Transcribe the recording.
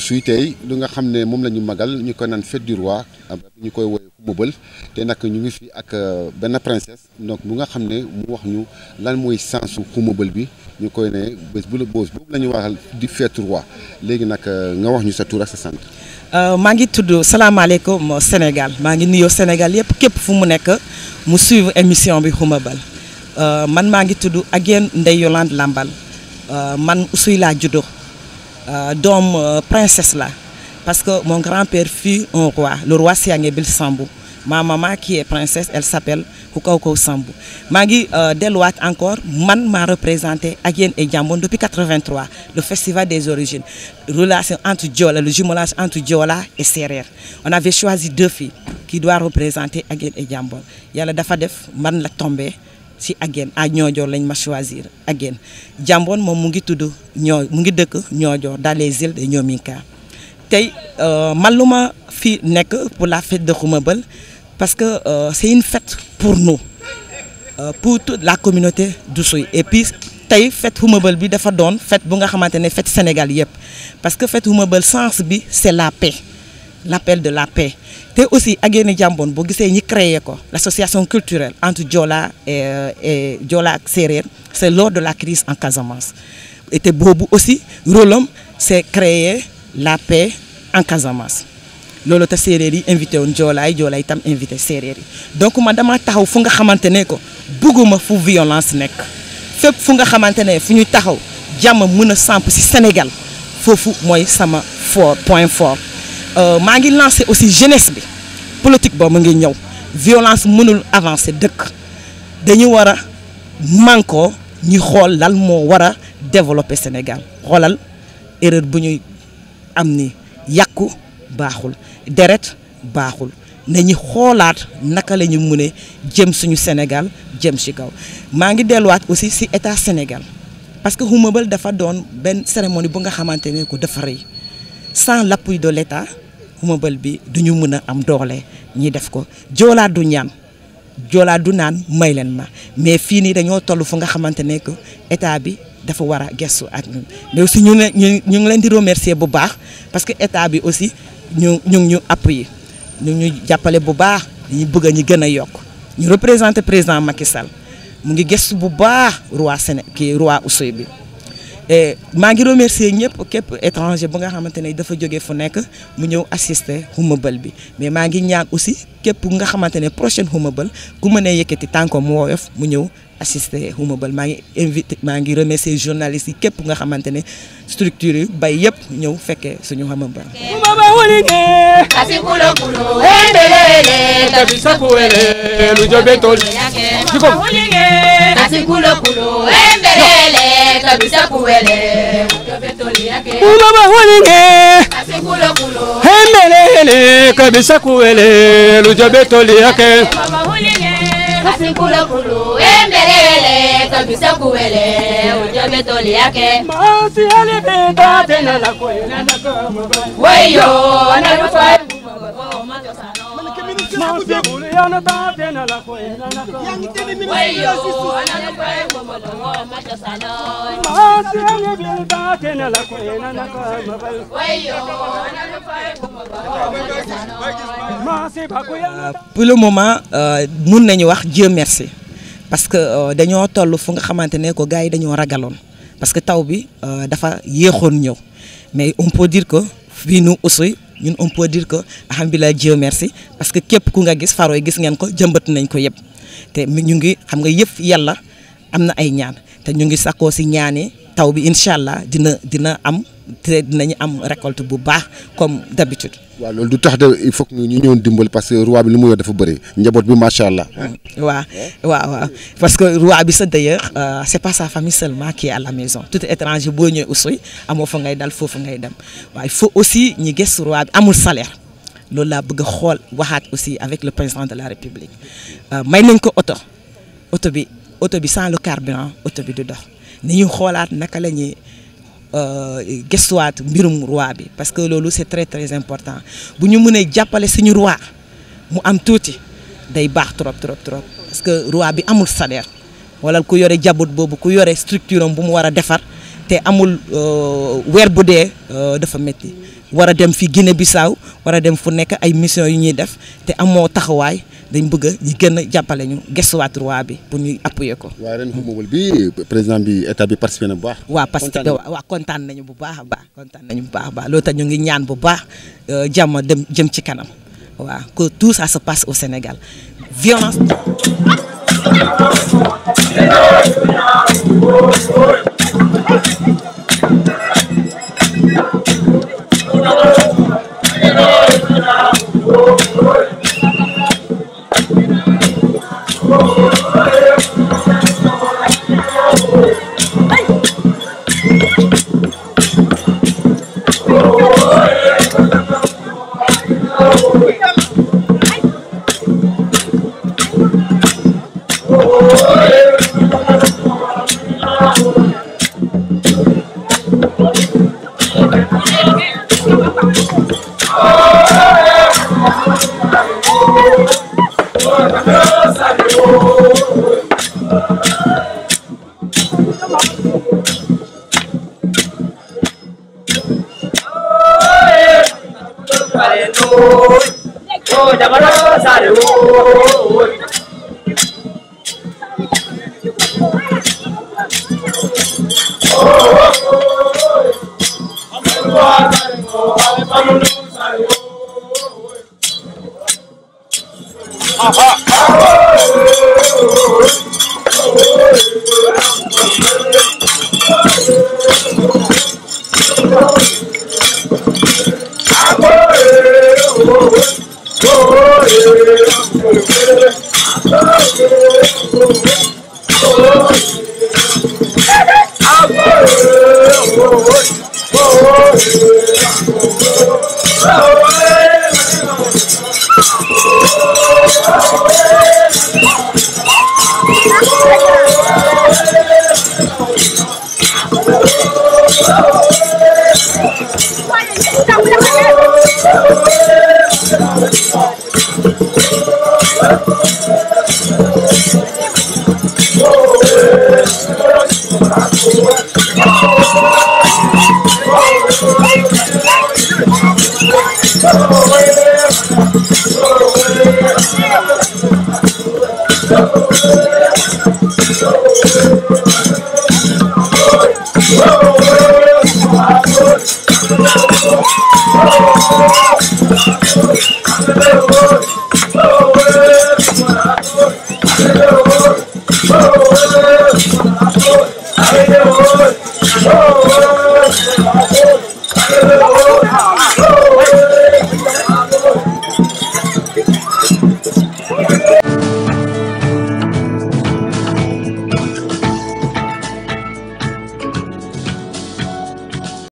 suy tey lu nga xam ne moom la ñu magal ñu koy naan fête du roi ñu koy woowee Mbeubeull te nag ñu ngi fii ak euh, benn princesse donc bu nga xam ne mu wax ñu lan mooy sensu Mbeubeull bi ñu koy ne bés bu la boos boobu la ñu waxal di fête léegi nag euh, nga wax ñu sa tur ak sa sant. Euh, maa ngi tudd salaamaaleykum Sénégal maa ngi nuyoo Sénégal yëpp képp fu mu nekk mu suivre émission bi Mbeubeull man maa ngi tudd Aguène Ndeye Yolande Lambal man Oussouye laa juddoo. Euh, donc euh, princesse là parce que mon grand-père fut un roi, le roi Siangébil Sambou. ma maman qui est princesse elle s'appelle Koukoukou Sambou Mangi euh, Delouat encore man m'a représenté à yéen et depuis 83 le festival des origines relation entre Diola le jumelage entre Diola et Sérère on avait choisi deux filles qui doivent représenter et yéen il y a dafa def man la tombé si Aguène à Niodior lañ ma choisir Aguène jambon mom mu ngi tudd ñoo mu ngi dëkk Niodior dans les îles de ñominka tay euh, maluma fi nek pour la fête de Khoumabël parce que euh, c'est une fête pour nous euh, pour toute la communauté d'Oussouye et puis tay fête Khoumabël bi dafa doon fête bu nga xamantene fête Sénégal yépp parce que fête Khoumabël sens bi c'est la paix l'appel de la paix te aussi Agéné jambon. boo gisee ñi créé ko l'association culturelle entre djola et euh, et Djola ak c'est lors de la crise en Casamance et te aussi rôle c'est créer la paix en Casamance Lolo te séeréer yi invité djola et djola. itam invité séeréer yi donc Madame dama taxaw fu nga xamante ne ko bëgguma fu violence nek. Fep fu nga xamante fu ñu taxaw jamm mëna samp ci Sénégal fofu moy sama fort point fort euh, Mangi ngi aussi jeunesse politique boobu mu ngi violence mënul avancer dek dañu war manko mànkoo ñu xool lan moo war développer Sénégal xoolal erreur bu ñuy yakku baxul yàqu baaxul deret baaxul na ñu xoolaat naka la ñu jëm suñu Sénégal jëm ci kaw maa ngi aussi ci état Sénégal parce que Humeubeul dafa don ben cérémonie bu nga ko dafa sans l'appui de l'État bël bi du ñu mën a am doole ñi def ko joolaa du ñaan joolaa du naan may leen ma mais fii nii dañoo toll fu nga xamante ne que état bi dafa war a gestu ak ñun mais aussi ñu ne ñu ñu ngi leen di remercier bu baax parce que état bi aussi ñu ñu ngi ñu appuyer ñu ñu jàppale bu baax ñu bëgg a ñu gën a yokk ñu représenté président Macky Sall mu ngi gestu bu baax roi Séné kii roi Oussouye bi et maa ngi remercier ñëpp képp étranger bu nga xamante ne dafa jóge fu mu assister bi mais maa ngi ñaan aussi képp nga xamante ne prochaine Humeubeul ku mën a yëkkati tànkoom mu woyof mu ñëw assister Humeubeul maa ngi invité ngi remercier képp nga structure bay yëpp ñëw fekkee suñu kuloba wolenge emelele kabisa kuwele lujo betoliyake asikulunkulu embelele kabisa kuwele ujobe toli yake. masi ale bɛ taa tɛ nana ko ye nana ko mɔgɔ. woyo nanu fa ye mɔgɔ ma jɔ sa. Mafia kule yana ta bi ko Pour le moment euh nañu wax Dieu merci. parce que dañoo toll fu nga xamante ko gars yi dañoo parce que taw bi dafa yéexoon mais on peut dire que fii nu aussi ñun on peut dire que alhamdulilah Dieu merci parce que képp ku nga gis faro yi gis ngeen ko jëmbat nañ ko yëpp te mi ñu ngi xam nga yëpp yàlla am na ay ñaan te ñu ngi sakkoo si ñaan yi taw bi incha dina dina am te dinañu am récolte bu baax comme d'habitude wa lolou du tax de il faut que ñu ñëwoon dimbal parce que roi bi li mu yor dafa bëri njabot bi machallah wa wa wa parce que roi bi sax d'ailleurs euh, c'est pas sa famille seulement qui est à la maison tout étranger bo ñëw aussi amo fa ngay dal fofu ngay dem wa il faut aussi ñi gëstu roi bi amul salaire lolou la bëgg xol waxat aussi avec le président de la république euh, may nañ ko auto bi auto bi sans le carburant auto bi du dox. ni ñu xoolaat naka la ñuy euh, gëstuwaat mbirum roi bi parce que loolu c'est très très important bu ñu mënee jàppale suñu roi mu am tuuti day baax trop trop trop parce que roi bi amul salaire wala ku yore jabut boobu ku yore structure am bu mu war a defar te amul euh, weer bu dee euh, dafa métti war a dem fi Guinée Bissau war a dem fu nekk ay mission yu ñuy def te amoo taxawaay dañ bëgg a gën a jàppale ñu gëstuwaat roi bi pour ñuy appuyer ko. waaw bi président bi état bi participé baax. waaw parce que waa kontaan nañu bu baax a baax kontaan nañu bu baax a baax loolu tax ñu ngi ñaan bu baax euh, jàmm dem jëm ci kanam waaw que tout ça se passe au Sénégal violence. Oh, oh oh oh Gracias.